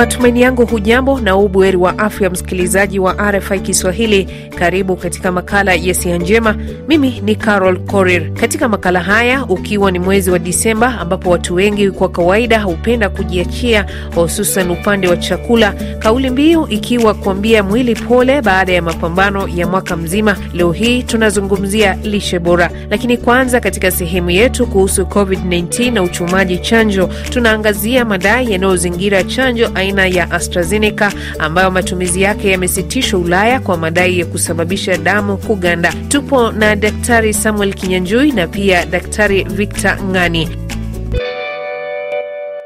matumaini yangu hujambo na ubweri wa afya msikilizaji wa rfi kiswahili karibu katika makala ya siha njema mimi ni carol corir katika makala haya ukiwa ni mwezi wa disemba ambapo watu wengi kwa kawaida hupenda kujiachia hususan upande wa chakula kauli mbiu ikiwa kuambia mwili pole baada ya mapambano ya mwaka mzima leo hii tunazungumzia lishe bora lakini kwanza katika sehemu yetu kuhusu covid-19 na uchumaji chanjo tunaangazia madai yanayozingira chanjo aina aina ya AstraZeneca ambayo matumizi yake yamesitishwa Ulaya kwa madai ya kusababisha damu kuganda. Tupo na Daktari Samuel Kinyanjui na pia Daktari Victor Ng'ani.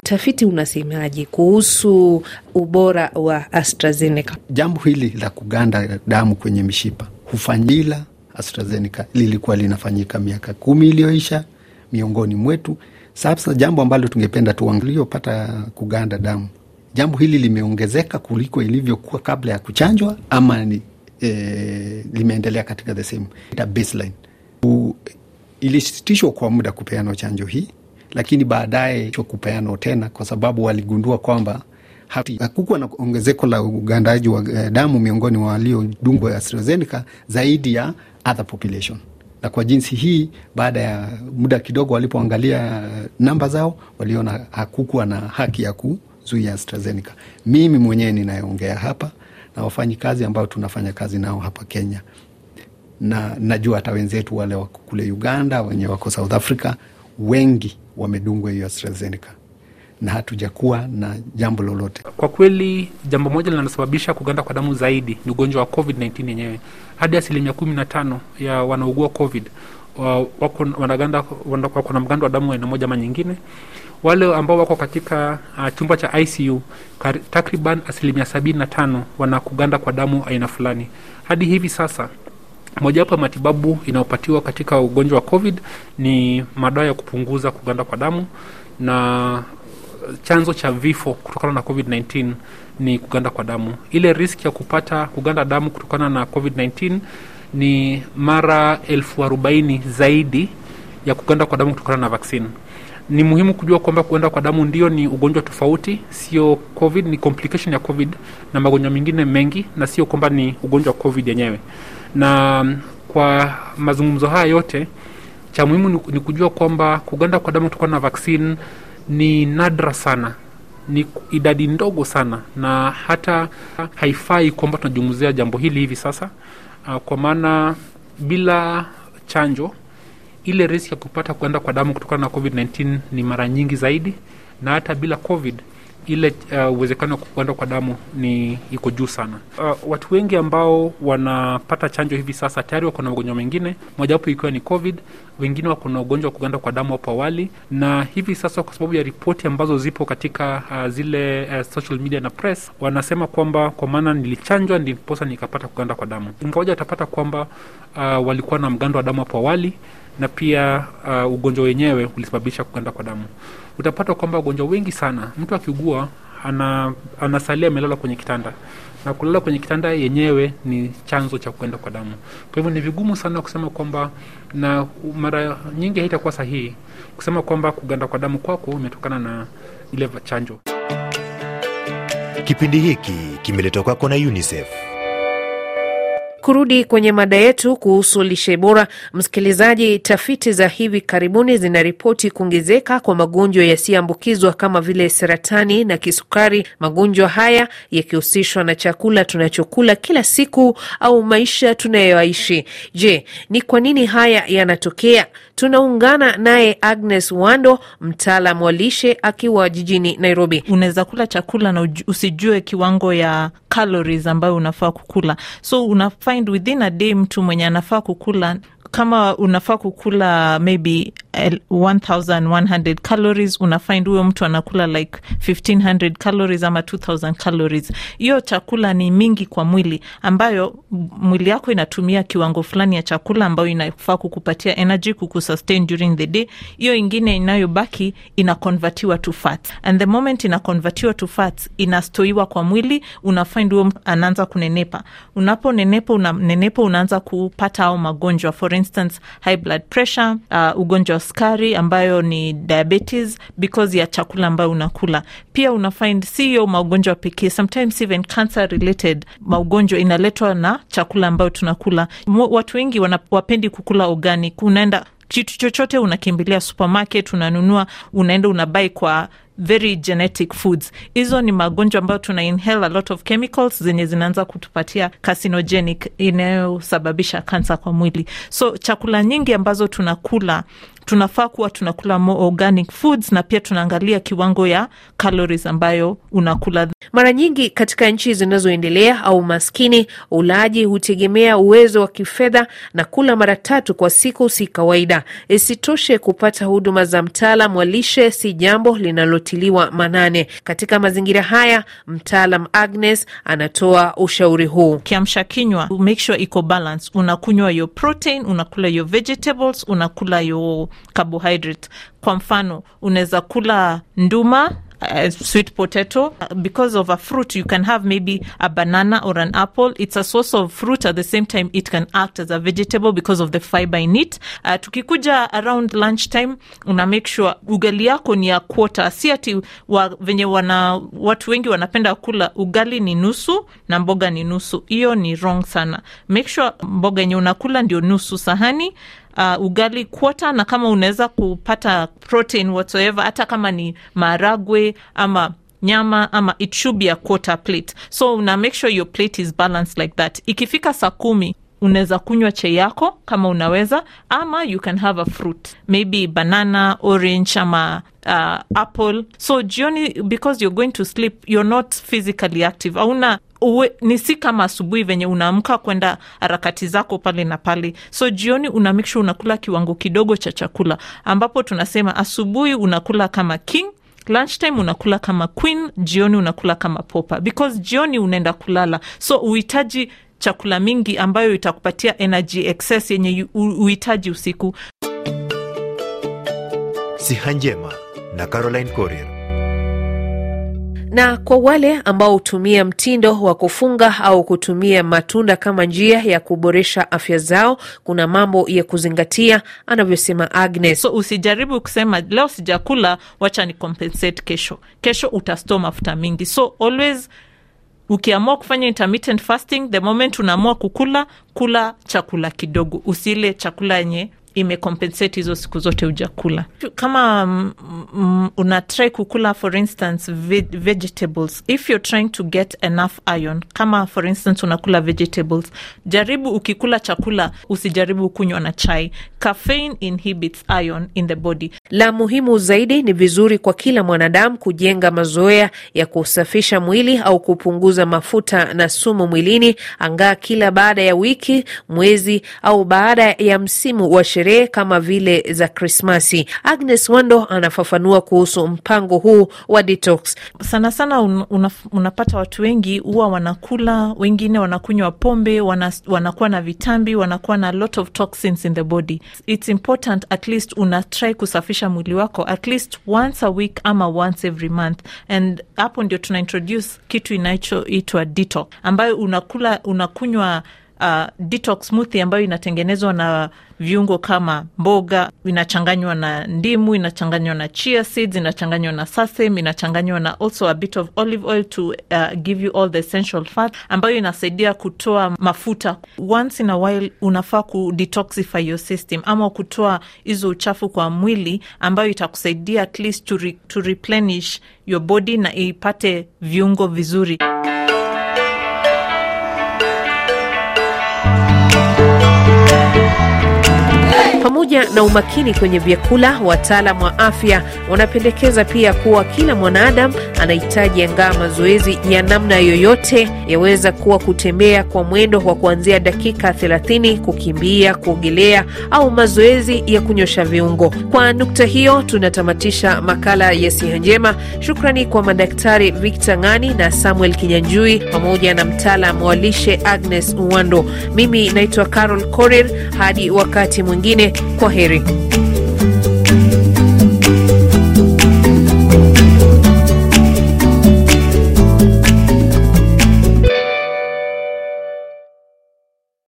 Tafiti unasemaje kuhusu ubora wa AstraZeneca? Jambo hili la kuganda damu kwenye mishipa hufanyila AstraZeneca lilikuwa linafanyika miaka kumi iliyoisha miongoni mwetu. Sasa jambo ambalo tungependa tuangalie, kuganda damu jambo hili limeongezeka kuliko ilivyokuwa kabla ya kuchanjwa ama ni, e, limeendelea katika the same baseline. Ilisitishwa kwa muda kupeana chanjo hii, lakini baadaye kupeanwa tena kwa sababu waligundua kwamba hakukuwa na ongezeko la ugandaji wa e, damu miongoni mwa waliodungwa ya AstraZeneca zaidi ya other population. Na kwa jinsi hii, baada ya muda kidogo, walipoangalia e, namba zao, waliona hakukuwa na haki ya ku zui ya AstraZeneca. Mimi mwenyewe ninayeongea hapa na wafanyikazi ambao tunafanya kazi nao hapa Kenya, na najua hata wenzetu wale wako kule Uganda, wenye wako South Africa, wengi wamedungwa hiyo AstraZeneca na hatujakuwa na jambo lolote. Kwa kweli, jambo moja linalosababisha kuganda kwa damu zaidi ni ugonjwa wa COVID-19 yenyewe. Hadi asilimia kumi na tano ya wanaugua COVID uh, wako na mgando wa damu aina moja ama nyingine wale ambao wako katika uh, chumba cha ICU takriban asilimia sabini na tano wana kuganda kwa damu aina fulani. Hadi hivi sasa mojawapo ya matibabu inayopatiwa katika ugonjwa wa COVID ni madawa ya kupunguza kuganda kwa damu, na chanzo cha vifo kutokana na COVID-19 ni kuganda kwa damu. Ile riski ya kupata kuganda damu kutokana na COVID-19 ni mara elfu zaidi ya kuganda kwa damu kutokana na vaksini. Ni muhimu kujua kwamba kuenda kwa damu ndio ni ugonjwa tofauti, sio COVID, ni complication ya COVID na magonjwa mengine mengi, na sio kwamba ni ugonjwa wa COVID yenyewe. Na mm, kwa mazungumzo haya yote, cha muhimu ni kujua kwamba kuganda kwa damu kutokana na vaccine ni nadra sana ni idadi ndogo sana, na hata haifai kwamba tunazungumzia jambo hili hivi sasa, uh, kwa maana bila chanjo ile riski ya kupata kuenda kwa damu kutokana na COVID-19 ni mara nyingi zaidi, na hata bila COVID ile uh, uwezekano uh, wa kuenda kwa damu ni iko juu sana. Uh, watu wengi ambao wanapata chanjo hivi sasa tayari wako na magonjwa mengine, mojawapo ikiwa ni COVID. Wengine wako na ugonjwa wa kuganda kwa damu hapo awali, na hivi sasa kwa sababu ya ripoti ambazo zipo katika uh, zile uh, social media na press, wanasema kwamba kwa maana nilichanjwa ndiposa nikapata kuganda kwa damu, ingawaja watapata kwamba uh, walikuwa na mgando wa damu hapo awali na pia uh, ugonjwa wenyewe ulisababisha kuganda kwa damu. Utapata kwamba wagonjwa wengi sana, mtu akiugua ana, anasalia amelala kwenye kitanda na kulala kwenye kitanda yenyewe ni chanzo cha kuenda kwa damu. Kwa hivyo ni vigumu sana kusema kwamba, na mara nyingi haitakuwa sahihi kusema kwamba kuganda kwa damu kwako imetokana na ile chanjo. Kipindi hiki kimeletwa kwako na UNICEF. Kurudi kwenye mada yetu kuhusu lishe bora, msikilizaji, tafiti za hivi karibuni zinaripoti kuongezeka kwa magonjwa yasiyoambukizwa kama vile saratani na kisukari, magonjwa haya yakihusishwa na chakula tunachokula kila siku au maisha tunayoishi. Je, ni kwa nini haya yanatokea? Tunaungana naye Agnes Wando, mtaalam wa lishe akiwa jijini Nairobi. Unaweza kula chakula na usijue kiwango ya calories ambayo unafaa kukula, so una find within a day mtu mwenye anafaa kukula kama unafaa kukula maybe 1100 calories, unafind huyo mtu anakula like 1500 calories ama 2000 calories. Hiyo chakula ni mingi kwa mwili, ambayo mwili yako inatumia kiwango fulani ya chakula ambayo inafaa kukupatia energy, kukusustain during the day. Hiyo ingine inayobaki inakonvertiwa to fats, and the moment inakonvertiwa to fats, inastoiwa kwa mwili, unafind huyo mtu anaanza kunenepa. Unaponenepa una, nenepa unaanza kupata au magonjwa, for instance high blood pressure, uh, ugonjwa sukari ambayo ni diabetes because ya chakula ambayo unakula. Pia una find siyo magonjwa pekee, sometimes even cancer related magonjwa inaletwa na chakula ambayo tunakula. Watu wengi wapendi kukula organic, unaenda kitu chochote unakimbilia supermarket, unanunua, unaenda unabai kwa very genetic foods. Hizo ni magonjwa ambayo tuna inhale a lot of chemicals zenye zinaanza kutupatia carcinogenic inayosababisha kansa kwa mwili. So chakula nyingi ambazo tunakula tunafaa kuwa tunakula more organic foods na pia tunaangalia kiwango ya calories ambayo unakula. Mara nyingi katika nchi zinazoendelea au maskini, ulaji hutegemea uwezo wa kifedha na kula mara tatu kwa siku si kawaida. Isitoshe, kupata huduma za mtaalam wa lishe si jambo linalotiliwa manane. Katika mazingira haya, mtaalam Agnes anatoa ushauri huu: kiamsha kinywa make sure iko balance, unakunywa your protein, unakula your vegetables, unakula your carbohydrate. Kwa mfano unaweza kula nduma Uh, sweet potato because of a fruit you can have maybe a banana or an apple it's a source of fruit at the same time it can act as a vegetable because of the fiber in it uh, tukikuja around lunch time una make sure ugali yako ni ya quota si ati wa, venye wana watu wengi wanapenda kula ugali ni nusu na mboga ni nusu hiyo ni wrong sana make sure mboga yenye unakula ndio nusu sahani uh, ugali kwota, na kama unaweza kupata protein whatsoever, hata kama ni maragwe ama nyama ama it should be a quarter plate, so una make sure your plate is balanced like that. Ikifika saa kumi unaweza kunywa chei yako kama unaweza, ama you can have a fruit maybe banana, orange ama uh, apple. So jioni because you're going to sleep, you're not physically active, hauna uwe, ni si kama asubuhi venye unaamka kwenda harakati zako pale na pale, so jioni una make sure unakula kiwango kidogo cha chakula, ambapo tunasema asubuhi unakula kama king lunchtime unakula kama queen, jioni unakula kama popa, because jioni unaenda kulala, so uhitaji chakula mingi ambayo itakupatia energy excess yenye uhitaji usiku. Siha Njema na Caroline Corrier. Na kwa wale ambao hutumia mtindo wa kufunga au kutumia matunda kama njia ya kuboresha afya zao, kuna mambo ya kuzingatia, anavyosema Agnes. So usijaribu kusema leo sijakula, wacha ni compensate kesho. Kesho utastore mafuta mingi, so always Ukiamua kufanya intermittent fasting, the moment unaamua kukula, kula chakula kidogo, usile chakula yenye imecompensate hizo siku zote ujakula. Kama mm, una unatrai kukula for instance veg vegetables, if youare trying to get enough iron, kama for instance unakula vegetables, jaribu ukikula chakula usijaribu kunywa na chai. Caffeine inhibits iron in the body. La muhimu zaidi ni vizuri kwa kila mwanadamu kujenga mazoea ya kusafisha mwili au kupunguza mafuta na sumu mwilini, angaa kila baada ya wiki, mwezi au baada ya msimu wa sheri sherehe kama vile za Krismasi. Agnes Wando anafafanua kuhusu mpango huu wa detox. Sana sana un, unapata watu wengi huwa wanakula, wengine wanakunywa pombe, wana, wanakuwa na vitambi, wanakuwa na lot of toxins in the body. It's important at least una try kusafisha mwili wako at least once a week ama once every month, and hapo ndio tuna introduce kitu inachoitwa detox ambayo unakula unakunywa uh, detox smoothie ambayo inatengenezwa na viungo kama mboga, inachanganywa na ndimu, inachanganywa na chia seeds, inachanganywa na sesame, inachanganywa na also a bit of olive oil to uh, give you all the essential fat, ambayo inasaidia kutoa mafuta. Once in a while unafaa ku detoxify your system ama kutoa hizo uchafu kwa mwili, ambayo itakusaidia at least to, re, to replenish your body na ipate viungo vizuri. Pamoja na umakini kwenye vyakula, wataalam wa afya wanapendekeza pia kuwa kila mwanadamu anahitaji angaa mazoezi ya namna yoyote, yaweza kuwa kutembea kwa mwendo wa kuanzia dakika 30, kukimbia, kuogelea au mazoezi ya kunyosha viungo. Kwa nukta hiyo, tunatamatisha makala ya Siha Njema. Shukrani kwa madaktari Victor Ng'ani na Samuel Kinyanjui pamoja na mtaalam wa lishe Agnes Uwando. Mimi naitwa Carol Korir, hadi wakati mwingine. correrem.